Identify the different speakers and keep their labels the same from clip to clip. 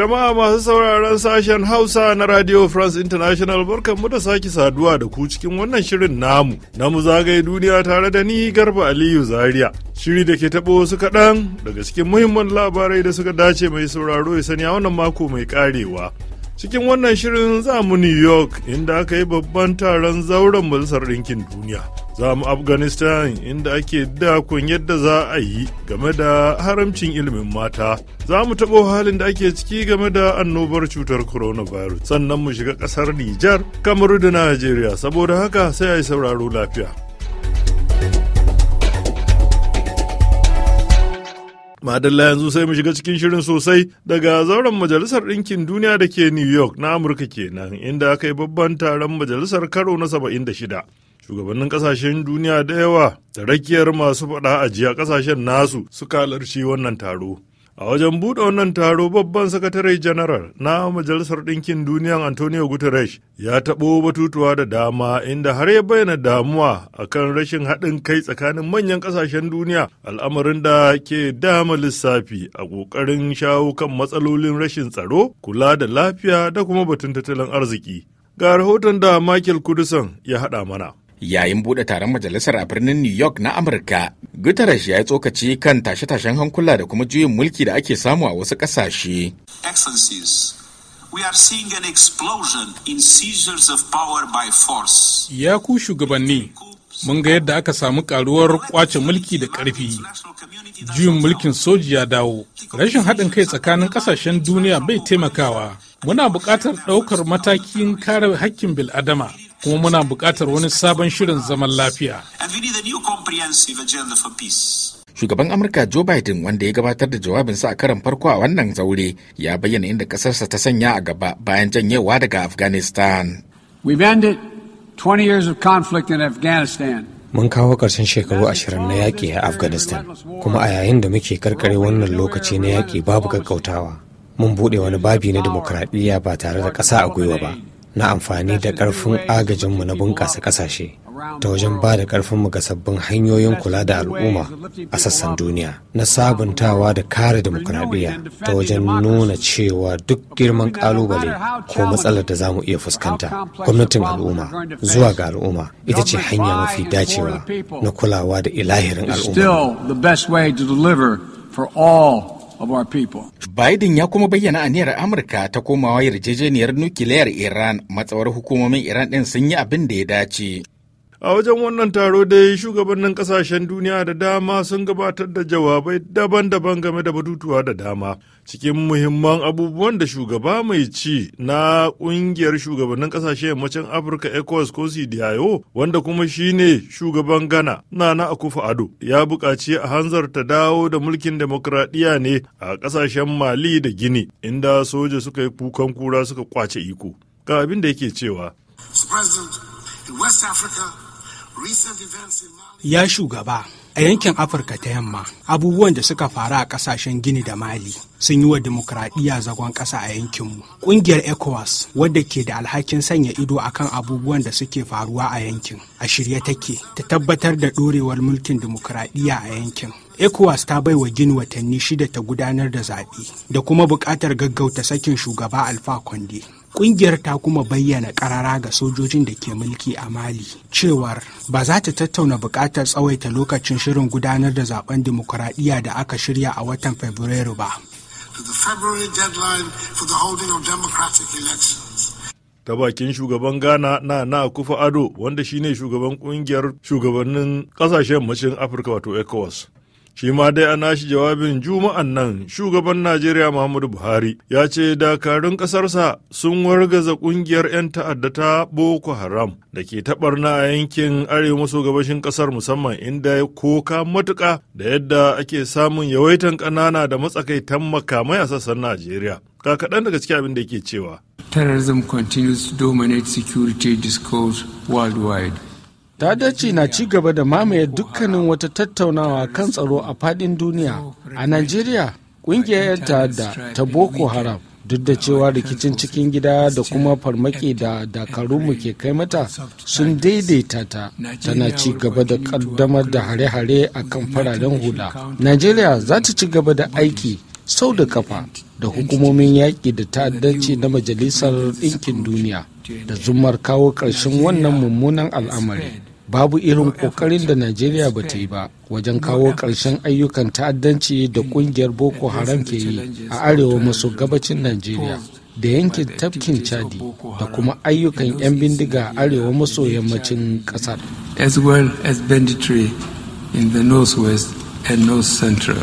Speaker 1: Jama'a masu sauraron sashen Hausa na Radio France International barkan mu da sake saduwa da ku cikin wannan shirin namu na mu zagaye duniya tare da ni Garba Aliyu Zaria. Shiri da ke taɓo wasu kaɗan daga cikin muhimman labarai da suka dace mai sauraro ya sani a wannan mako mai ƙarewa. Cikin wannan shirin za mu New York inda aka yi babban taron zauren Majalisar Ɗinkin Duniya. Za mu Afghanistan inda ake dakon yadda za a yi game da haramcin ilimin mata. Za mu taɓo halin da ake ciki game da annobar cutar coronavirus. Sannan mu shiga ƙasar Nijar, Kamaru da Najeriya. Saboda haka sai a yi sauraro lafiya. Madalla yanzu sai mu shiga cikin shirin sosai daga zauren Majalisar Ɗinkin Duniya da ke New York na Amurka kenan inda aka yi babban taron majalisar karo na saba'in da shida. Shugabannin ƙasashen duniya da yawa da rakiyar masu faɗa ajiya ƙasashen nasu suka halarci wannan taro. A wajen buɗe wannan taro babban sakatare janaral na Majalisar Ɗinkin Duniya Antonio Guterres ya taɓo batutuwa da dama inda har ya bayyana damuwa akan rashin haɗin kai tsakanin manyan ƙasashen duniya al'amarin da ke dama lissafi a ƙoƙarin shawo kan matsalolin rashin tsaro, kula da lafiya da kuma batun tattalin arziki. Ga rahoton da Michael Kudusan ya haɗa mana.
Speaker 2: yayin buɗe taron majalisar a birnin New York na Amurka. Guterres ya yi tsokaci kan tashe-tashen hankula da kuma juyin mulki da ake samu a wasu ƙasashe. we are explosion in seizures of power by force. Ya ku shugabanni, mun ga yadda aka samu karuwar kwace mulki da ƙarfi. Juyin mulkin soji ya dawo. Rashin haɗin kai tsakanin ƙasashen duniya bai taimakawa. Muna buƙatar ɗaukar matakin kare hakkin bil'adama kuma muna buƙatar wani sabon shirin zaman lafiya. Shugaban Amurka Joe Biden wanda ya gabatar da jawabinsa a karan farko a wannan zaure ya bayyana inda ƙasarsa ta sanya a gaba bayan janyewa daga Afghanistan.
Speaker 3: We've ended 20 years conflict in Afghanistan.
Speaker 2: mun kawo ƙarshen shekaru ashirin na yaƙi a afghanistan kuma a yayin da muke karkare wannan lokaci na yaƙi babu gaggautawa mun buɗe wani babi na dimokuraɗiyya ba tare da ƙasa a gwiwa ba na amfani da ƙarfin agajinmu na bunƙasa ƙasashe ta wajen ba da ƙarfinmu ga sabbin hanyoyin kula da al'umma a sassan duniya na sabuntawa da kare demokuraɗiyya ta wajen nuna cewa duk girman ƙalubale ko matsalar da za mu iya fuskanta gwamnatin al'umma zuwa ga al'umma ita ce hanya mafi dacewa na kulawa da ilahirin al'umma. of Biden ya kuma bayyana a aniyar Amurka ta komawa
Speaker 1: yarjejeniyar nukiliyar Iran matsawar hukumomin Iran ɗin sun yi abin da ya dace. A wajen wannan taro dai shugabannin kasashen duniya da dama sun gabatar da jawabai daban-daban game da batutuwa da dama. Cikin muhimman abubuwan da shugaba mai ci na ƙungiyar shugabannin kasashe yammacin Afirka ecos ko CDIO wanda kuma shine shugaban Ghana Nana akufa Ado ya buƙaci a hanzarta dawo da mulkin demokradiyya ne a kasashen Mali da Gini inda soja suka yi kukan kura suka kwace iko. Ga abin da yake cewa.
Speaker 2: Ya shugaba, a yankin Afirka ta yamma, abubuwan da suka faru a kasashen Gini da Mali sun yi wa dimokuraɗiyya zagon ƙasa a yankinmu. Ƙungiyar ECOWAS, wadda ke da alhakin sanya ido akan abubuwan da suke faruwa a yankin, a shirye take ta tabbatar da ɗorewar mulkin dimokuraɗiyya a yankin. ECOWAS ta baiwa Gini watanni shida ta gudanar da zaɓe da kuma buƙatar gaggauta sakin shugaba Alfa Conde. Ƙungiyar ta kuma bayyana ƙarara ga sojojin da ke mulki a Mali cewar ba za ta tattauna buƙatar tsawaita lokacin shirin gudanar da zaben dimokuraɗiyya da aka
Speaker 1: shirya a watan Fabrairu ba. ta bakin shugaban ghana na na kufa ado wanda shine shugaban kungiyar shugabannin kasashen macin afirka wato ecowas shi ma dai a nashi jawabin juma'an nan shugaban najeriya muhammadu buhari ya ce dakarun ƙasarsa sun wargaza ƙungiyar 'yan ta'adda ta boko haram da ke taɓarna a yankin arewa maso gabashin ƙasar musamman inda ya koka matuƙa da yadda ake samun yawaitan ƙanana da matsakaitan makamai a sassan najeriya ka kaɗan daga cikin abin da yake cewa
Speaker 2: terrorism continues to dominate security discourse worldwide Dadaci na ci gaba da mamaye dukkanin wata tattaunawa kan tsaro a fadin duniya. A Najeriya, kungiyar 'yan ta'adda ta Boko Haram duk da cewa rikicin cikin gida da kuma farmaki da dakarunmu ke kai mata sun daidaita ta tana ci gaba da kaddamar da hare-hare a kan fararen hula najeriya za ta ci gaba da aiki sau da kafa da hukumomin yaƙi da ta'addanci na majalisar ɗinkin duniya da zumar kawo ƙarshen wannan mummunan al'amari babu irin kokarin da najeriya ba ta yi ba wajen kawo ƙarshen ayyukan ta'addanci da ƙungiyar boko haram ke yi a arewa maso gabacin najeriya da yankin tafkin chadi da kuma ayyukan 'yan bindiga a arewa maso yammacin ƙasar
Speaker 1: as well as banditry in the northwest and north central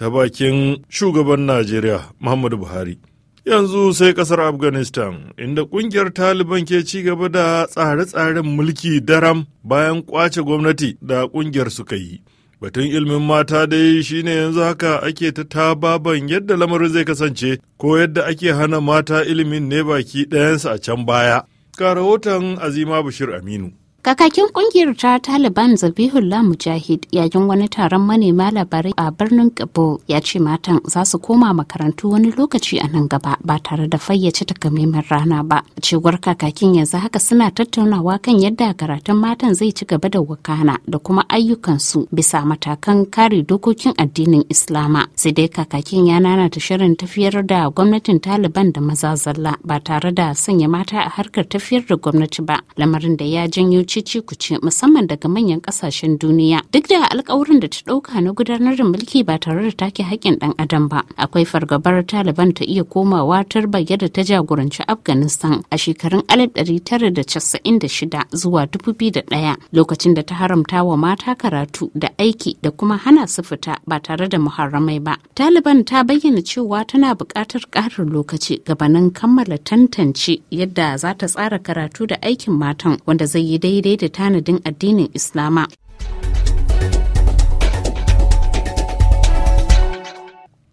Speaker 1: ta bakin shugaban najeriya muhammadu buhari Yanzu sai kasar Afghanistan, inda kungiyar Taliban ke ci gaba da tsare-tsaren mulki daram bayan kwace gwamnati da kungiyar suka yi. Batun ilmin mata da dai shine yanzu haka ake ta tababan yadda lamarin zai kasance ko yadda ake hana mata ilimin ne baki ɗayansa a can baya. Ka rahoton Azima Bashir Aminu.
Speaker 4: Kakakin kungiyar ta Taliban Zabihullah Mujahid yayin wani taron manema labarai a birnin Kabul ya ce matan za su koma makarantu wani lokaci a nan gaba ba tare da fayyace takamaiman rana ba. Cewar kakakin yanzu haka suna tattaunawa kan yadda karatun matan zai ci gaba da wakana da kuma ayyukansu bisa matakan kare dokokin addinin Islama. Sai dai kakakin ya ta shirin tafiyar da gwamnatin Taliban da maza zalla ba tare da sanya mata a harkar tafiyar da gwamnati ba lamarin da ya janyo cece kuce musamman daga manyan kasashen duniya duk da alkawarin da ta dauka na gudanar da mulki ba tare da take hakkin dan adam ba akwai fargabar taliban ta iya komawa tar da ta jagoranci afghanistan a shekarun 1996 zuwa 2001 lokacin da ta haramta wa mata karatu da aiki da kuma hana su fita ba tare da muharramai ba taliban ta bayyana cewa tana buƙatar ƙarin lokaci gabanin kammala tantance yadda za ta tsara karatu da aikin matan wanda zai yi dai daidai da tanadin addinin Islama.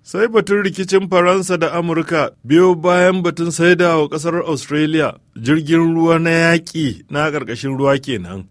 Speaker 1: Sai batun rikicin Faransa da Amurka biyo bayan batun saida wa kasar Australia jirgin ruwa na yaƙi na ƙarƙashin ruwa kenan.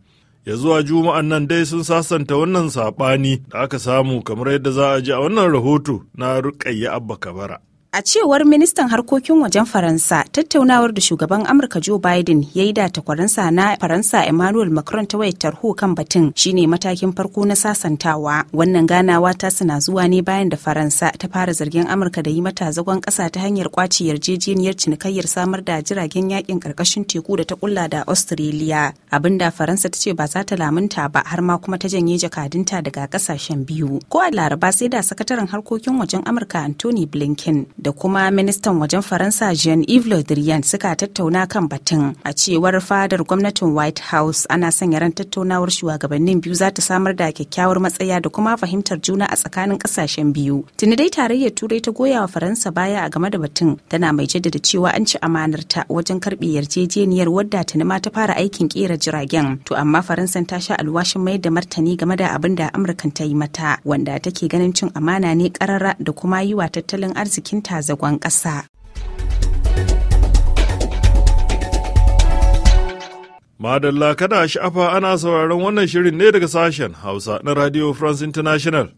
Speaker 1: Ya zuwa juma'an nan dai sun sasanta wannan saɓani da aka samu kamar yadda za a ji a wannan rahoto na Rukayya Abba Kabara.
Speaker 5: A cewar ministan harkokin wajen Faransa, tattaunawar da shugaban Amurka Joe Biden ya yi da takwaransa na Faransa Emmanuel Macron ta wayar tarho kan batun shine matakin farko na sasantawa. Wannan ganawa ta suna zuwa ne bayan da Faransa ta fara zargin Amurka da yi mata zagon kasa ta hanyar kwaci yarjejeniyar cinikayyar samar da jiragen yakin karkashin teku da ta kulla da Australia. Abin da Faransa ta ce ba za ta lamunta ba har ma kuma ta janye jakadunta daga kasashen biyu. Ko a Laraba sai da sakataren harkokin wajen Amurka Anthony Blinken da kuma ministan wajen Faransa Jean-Yves Le Drian suka tattauna kan batun. A cewar fadar gwamnatin White House ana sanya ran tattaunawar shugabannin biyu za ta samar da kyakkyawar matsaya da kuma fahimtar juna a tsakanin kasashen biyu. Tuni dai tarayyar Turai ta goya wa Faransa baya a game da batun tana mai jaddada cewa an ci amanar ta wajen karbe yarjejeniyar wadda ta ma ta fara aikin kera jiragen. To amma faransa ta sha alwashin mayar da martani game da abin da Amurkan ta yi mata wanda take ganin cin amana ne karara da kuma yi wa tattalin arzikinta ta ƙasa.
Speaker 1: Madalla kada sha'afa ana sauraron wannan shirin ne daga sashen Hausa na Radio France International.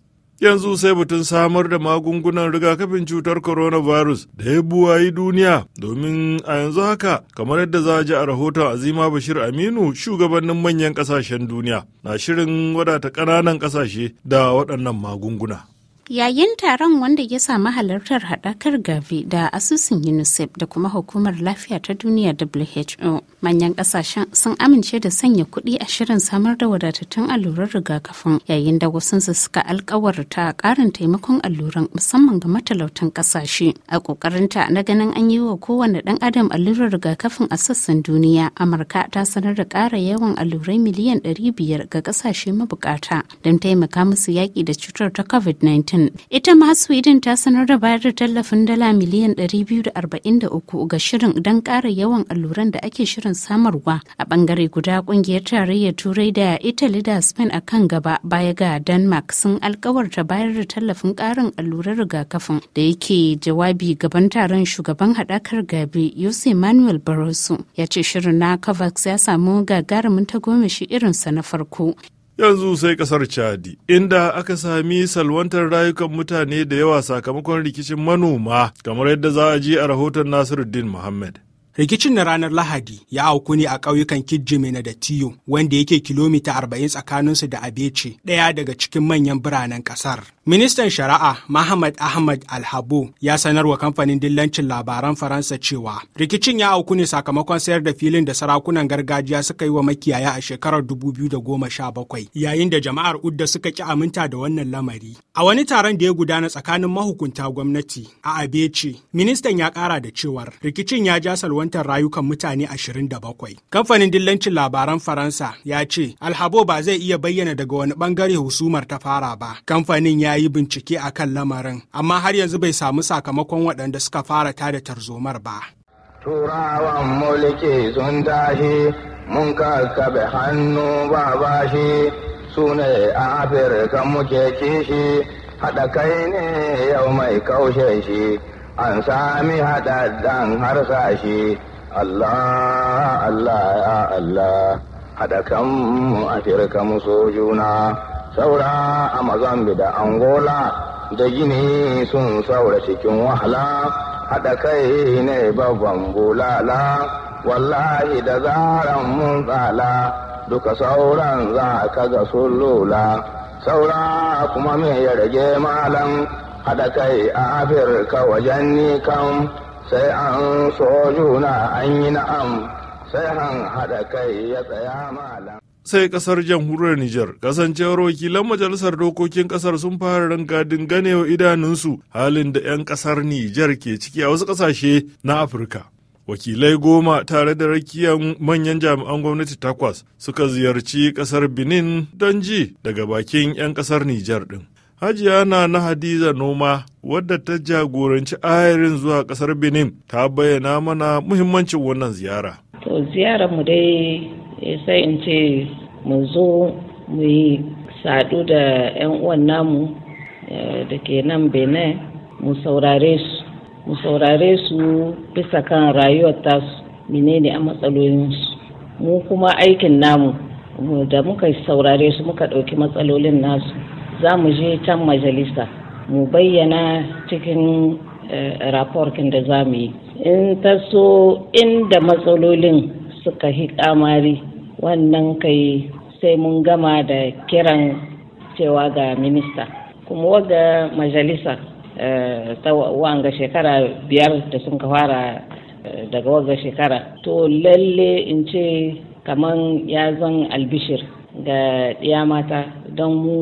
Speaker 1: Yanzu sai batun samar da magungunan rigakafin cutar coronavirus da ya buwayi duniya domin a yanzu haka kamar yadda za a ji a rahoton Azima Bashir Aminu shugabannin manyan kasashen duniya na shirin wadata ƙananan ƙasashe da waɗannan magunguna.
Speaker 4: Yayin taron wanda ya sami halartar haɗakar Gavi da asusun UNICEF da kuma hukumar lafiya ta duniya WHO, manyan ƙasashen sun amince da sanya kuɗi a shirin samar da wadatattun allurar rigakafin yayin da wasunsu suka alkawarta ƙarin taimakon alluran musamman ga matalautan ƙasashe. A ƙoƙarinta na ganin an yi wa kowane ɗan adam allurar rigakafin a sassan duniya, Amurka ta sanar da ƙara yawan allurai miliyan 500 ga ƙasashe mabuƙata don taimaka musu yaƙi da cutar ta COVID-19. Ita ma Sweden ta sanar da bayar da tallafin dala miliyan 243 ga shirin don kara yawan alluran da ake shirin samarwa. A bangare guda kungiyar tarayyar Turai da Italy da Spain a kan gaba baya ga Denmark sun alkawarta bayar da tallafin ƙarin allurar rigakafin da yake jawabi gaban taron shugaban haɗakar gabe Jose Manuel Barroso ya ce shirin na COVAX ya samu gagarumin tagomashi irinsa na farko
Speaker 1: yanzu sai kasar chadi inda aka sami salwantar rayukan mutane da yawa sakamakon rikicin manoma kamar yadda za a ji a rahoton nasiruddin muhammad rikicin na ranar lahadi ya auku ne a ƙauyukan kijjimina da tiyo wanda yake
Speaker 2: kilomita 40 tsakaninsu da abece ɗaya daga cikin manyan biranen ƙasar Ministan Shari'a Mahmad Ahmad Alhabo ya sanar wa kamfanin dillancin labaran Faransa cewa rikicin ya auku ne sakamakon sayar da filin da sarakunan gargajiya suka yi wa makiyaya a shekarar 2017 yayin da jama'ar Udda suka ki aminta da wannan lamari. A wani taron da ya gudana tsakanin mahukunta gwamnati a Abeci, ministan ya kara da cewar rikicin ya ja salwantar rayukan mutane 27. Kamfanin dillancin labaran Faransa ya ce Alhabo ba zai iya bayyana daga wani bangare husumar ta fara ba. Kamfanin ya yi bincike a kan lamarin amma har yanzu bai samu sakamakon waɗanda suka fara tada tarzomar ba
Speaker 6: turawan mulki sun tashi mun kakkaɓe hannu ba bashi su ne a afirka muke kishi haɗa kai ne yau mai kaushe shi an sami har harsashi allah allah ya allah haɗa kanmu afirka mu so juna saura a da Angola da Gini sun saura cikin wahala haɗa kai ne babban bulala wallahi da zaran mun tsala duka sauran za ka ga sun lula saura kuma me ya rage malam haɗa kai a Afirka wajen nikan kam sai an so juna an yi na'am sai han haɗa kai ya tsaya malam
Speaker 1: sai kasar jamhuriyar Nijar. Kasancewar wakilan majalisar dokokin kasar sun fara rangadin ganewa idanunsu halin da 'yan kasar Nijar ke ciki a wasu kasashe na Afirka. wakilai goma tare da rakiyan manyan jami'an gwamnati takwas suka ziyarci kasar benin don ji daga bakin 'yan kasar nijar din hajiya na na hadiza noma wadda ta jagoranci ayarin zuwa kasar benin ta bayyana mana muhimmancin wannan ziyara
Speaker 7: to dai Eh, sai in ce mu zo mu yi sadu da 'yan uwan namu eh, da ke nan benin mu saurare su mu saurare su bisa kan rayuwar tasu menene a matsalolinsu mu kuma aikin namu da muka saurare su muka ɗauki matsalolin nasu za mu je can majalisa mu bayyana cikin eh, raporkin da za mu yi in ta so inda matsalolin suka hi kamari wannan kai sai mun gama da kiran cewa ga minista kuma waga majalisa eh, ta wanga shekara biyar da sun ka fara eh, daga waga shekara to lalle in ce kaman ya zan albishir ga ɗiya mata don mu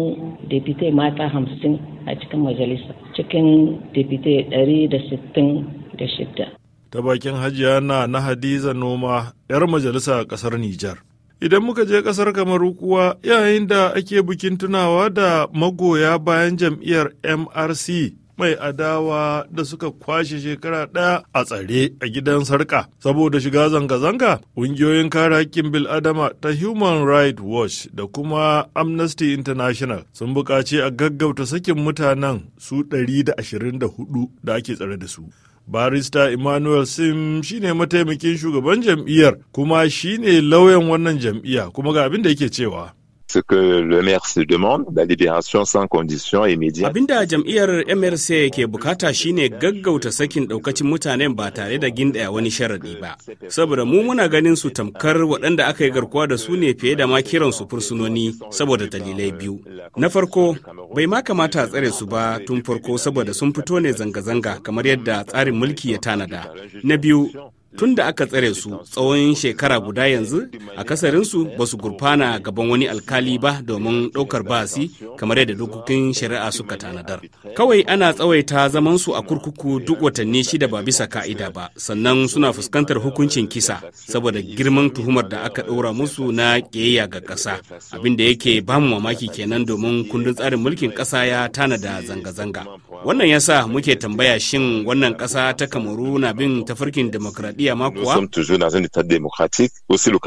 Speaker 7: depute mata hamsin a cikin majalisa cikin depute ɗari da sittin da shidda
Speaker 1: ta bakin hajiya na na hadiza noma 'yar majalisa a ƙasar Nijar. Idan muka je kasar Kamaru kuwa yayin da ake bikin tunawa da magoya bayan jam'iyyar MRC mai adawa da suka kwashe shekara ɗaya a tsare a gidan sarka saboda shiga zanga-zanga ƙungiyoyin kare haƙƙin bil'adama ta human rights watch da kuma amnesty international sun buƙaci a gaggauta sakin mutanen su 124 da ake tsare da su barista emmanuel sim shine mataimakin shugaban jam'iyyar kuma shine lauyan wannan jam'iyya kuma ga abin da yake cewa
Speaker 6: ce que le maire se demande, la libération sans condition immédiate.
Speaker 1: Abinda jam'iyyar
Speaker 2: MRC ke bukata shine gaggauta sakin daukacin mutanen ba tare da gindaya wani sharadi ba. Saboda mu muna ganin su tamkar waɗanda aka yi garkuwa da su ne fiye da ma kiran su fursunoni saboda dalilai biyu. Na farko, bai ma kamata a tsare su ba tun farko saboda sun fito ne zanga-zanga kamar yadda tsarin mulki ya tanada. Na biyu, tun da aka tsare su tsawon shekara guda yanzu a kasarinsu ba su gurfana gaban wani alkali ba domin ɗaukar basi kamar yadda dokokin shari'a suka tanadar kawai ana tsawaita zaman su a kurkuku duk watanni shida ba bisa ka'ida ba sannan suna fuskantar hukuncin kisa saboda girman tuhumar da aka ɗora musu na ƙiyayya ga ƙasa abin da yake ba mu mamaki kenan domin kundin tsarin mulkin ƙasa ya tanada zanga-zanga wannan yasa muke tambaya shin wannan ƙasa ta kamaru na bin tafarkin demokradiyya Najeriya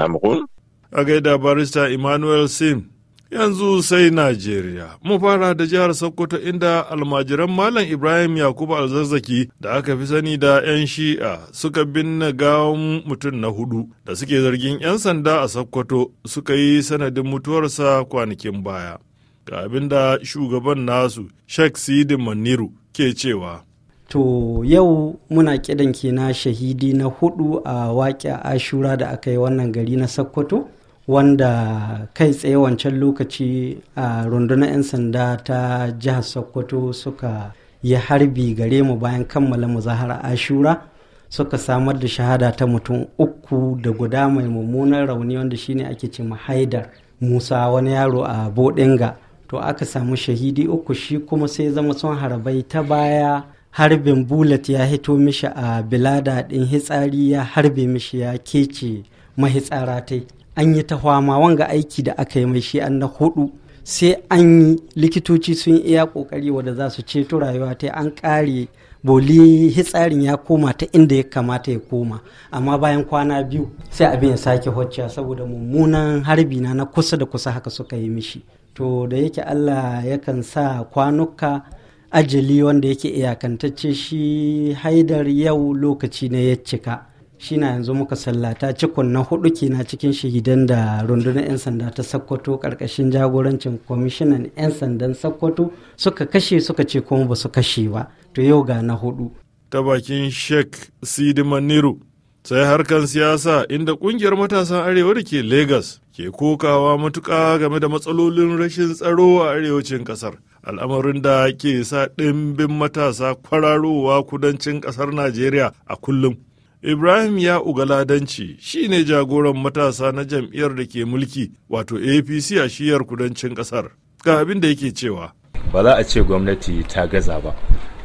Speaker 6: ma kuwa?
Speaker 1: A gaida barista Emmanuel Sim, yanzu sai Najeriya. Mu fara da jihar Sokoto inda almajiran Malam Ibrahim Yakubu Alzazzaki da aka fi sani da 'yan shi'a suka binne gawon mutum na hudu da suke zargin 'yan sanda a Sokoto suka yi sanadin mutuwarsa kwanakin baya. Ga abin da shugaban nasu, Sheikh Sidi Maniru ke cewa.
Speaker 3: To yau muna kidan ke na shahidi na hudu a waƙe ashura da aka yi wannan gari na Sokoto wanda kai tsaye wancan lokaci a rundunar 'yan sanda ta jihar Sokoto suka yi harbi gare mu bayan kammala muzahar ashura suka samar da shahada ta mutum uku da guda mai mummunan rauni wanda shine ake ce haidar musa wani yaro a bodinga to aka samu shahidi uku shi kuma sai zama sun harabai ta baya harbin bullet ya hito mishi a bilada ɗin hitsari ya harbe mishi ya kece mahitsara ta an yi ta fama wanga aiki da aka yi mai shi an na hudu sai an yi likitoci sun iya kokari wadda za su ceto rayuwa tai an kare boli hitsarin ya koma ta inda ya kamata ya koma amma bayan kwana biyu sai abin ya sake hocciya saboda mummunan harbi na na kusa da kusa haka suka yi mishi to da yake allah yakan sa kwanuka ajali wanda yake iyakantacce shi haidar yau lokaci ne ya cika shi na yanzu muka sallata cikon na hudu kenan cikin shahidan da rundunar 'yan sanda ta sakkwato karkashin jagorancin kwamishinan 'yan sandan sakkwato suka kashe suka ce kuma ba su kashe ba to yau ga na hudu
Speaker 1: ta bakin sheikh sidi maniru sai harkar siyasa inda kungiyar matasan arewa da ke lagos ke kokawa matuka game da matsalolin rashin tsaro a arewacin kasar al'amarin da ke sa ɗimbin matasa kwararowa kudancin ƙasar najeriya a kullum ibrahim ya ugaladanci shi ne jagoran matasa na jam'iyyar da ke mulki wato apc a shiyar kudancin ƙasar ga abin da yake cewa
Speaker 6: ba za a ce gwamnati ta gaza ba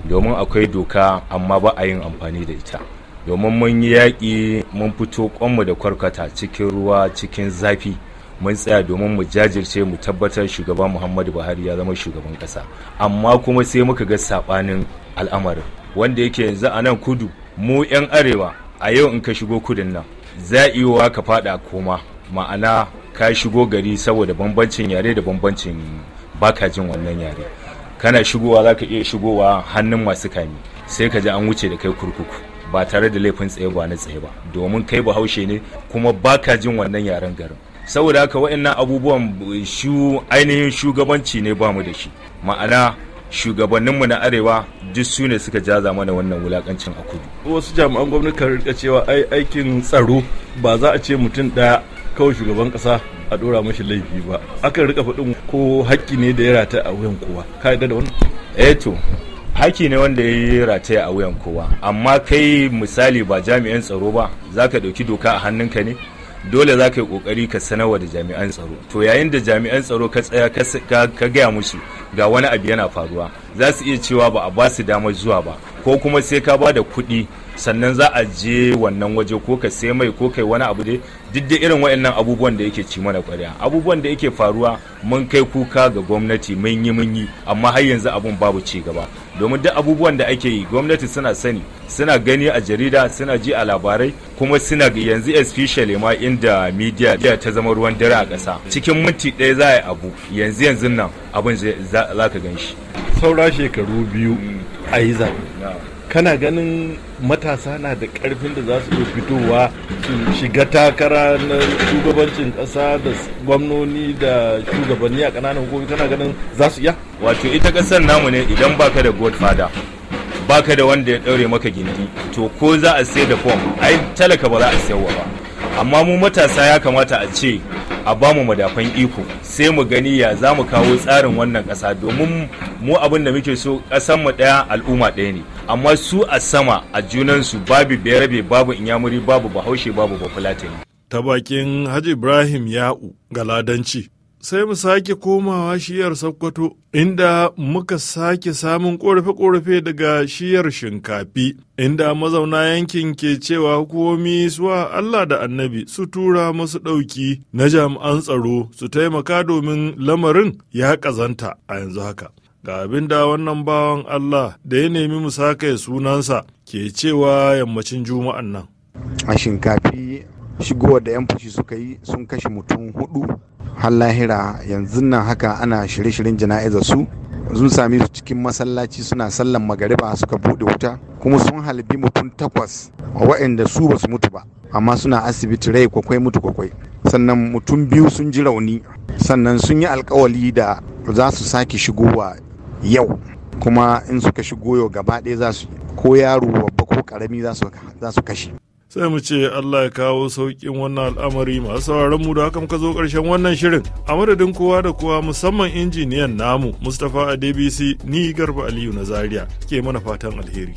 Speaker 6: domin akwai doka amma ba a yin amfani da ita domin mun yi yaƙi mun fito kwanmu da kwarkata cikin ruwa cikin zafi mun tsaya domin mu jajirce mu tabbatar shugaban muhammadu buhari ya zama shugaban ƙasa amma kuma sai muka ga saɓanin al'amarin wanda yake yanzu a nan kudu mu 'yan arewa a yau in ka shigo kudin nan za za'iwa ka faɗa koma ma'ana ka shigo gari saboda bambancin yare da bambancin baka jin wannan yare kana shigowa za ka iya shigowa hannun masu kami sai ka ji an wuce da kai kurkuku ba tare da laifin tsaye ba na tsaye ba domin kai bahaushe ne kuma baka jin wannan yaren garin saboda haka wa'annan abubuwan shu ainihin shugabanci ne ba mu da shi ma'ana shugabanninmu na arewa duk su ne suka jaza mana wannan wulakancin a kudu
Speaker 1: wasu jami'an gwamnati kan rika cewa ai aikin tsaro ba za a ce mutum daya kawai shugaban kasa a dora mashi laifi ba akan rika faɗin ko haƙƙi ne da ya rata a wuyan kowa ka yadda da wannan eh to
Speaker 6: haƙƙi ne wanda ya rataya a wuyan kowa amma kai misali ba jami'an tsaro ba zaka ka ɗauki doka a hannunka ne dole za ka yi kokari ka sanarwa da jami'an tsaro to yayin da jami'an tsaro ka tsaya ka gaya musu ga wani abu yana faruwa za su iya cewa ba a ba su damar zuwa ba ko kuma sai ka ba da kuɗi sannan za a je wannan waje ko ka sai mai ko kai wani abu dai duk irin waɗannan abubuwan da yake ci mana ƙwarya abubuwan da yake faruwa mun kai kuka ga gwamnati mun yi mun yi amma har yanzu abun babu ci gaba domin duk abubuwan da ake yi gwamnati suna sani suna gani a jarida suna ji a labarai kuma suna yanzu especially ma inda media ta zama ruwan dare a ƙasa cikin minti ɗaya za a yi abu yanzu yanzu nan abin za ka gan shi saura shekaru biyu
Speaker 1: a yi zaɓe kana ganin matasa na da karfin da za su iya fitowa su shiga takara na shugabancin kasa da gwamnoni da shugabanni a kananan hukumomi kana ganin
Speaker 6: za su iya wato ita kasar namu ne idan baka da godfather baka da wanda ya daure maka gindi to ko za a sai da fom ai talaka ba za a sayarwa ba amma mu matasa ya kamata a ce a ba mu madafan iko sai mu gani ya za mu kawo tsarin wannan ƙasa domin mu abin da muke so ƙasan mu ɗaya al'umma ɗaya ne amma su a sama a junansu babu berabe babu inyamuri babu
Speaker 1: bahaushe babu bafulatani ta bakin Haji Ibrahim Ya'u ga Ladanci sai mu sake komawa shiyar Sakkwato, inda muka sake samun korafe-korafe daga shiyar shinkafi inda mazauna yankin ke cewa hukumomi suwa Allah da annabi su tura masu ɗauki na jami'an tsaro su taimaka domin lamarin ya ƙazanta a yanzu haka. ga abin da wannan bawan Allah da ya nemi musaka ya sunansa ke cewa yammacin juma'an nan.
Speaker 3: A shinkafi
Speaker 1: shigowa da 'yan fushi suka yi sun kashe mutum hudu
Speaker 3: har lahira
Speaker 6: yanzu nan haka ana shirye-shiryen jana'izar su sun sami su cikin masallaci suna sallan magariba suka bude wuta kuma sun halbi mutum takwas waɗanda su basu mutu ba amma suna asibiti rai kwakwai mutu kwakwai sannan mutum biyu sun ji rauni sannan sun yi alkawali da za su sake shigowa yau kuma in suka shigo yau gaba ɗaya za su ko yaro babba ko ƙarami za su kashe
Speaker 1: sai mu ce Allah ya kawo sauƙin wannan al'amari masu sauraron mu da haka muka zo ƙarshen wannan shirin a madadin kowa da kowa musamman injiniyan namu Mustapha Adebisi ni Garba Aliyu na Zaria ke mana fatan alheri.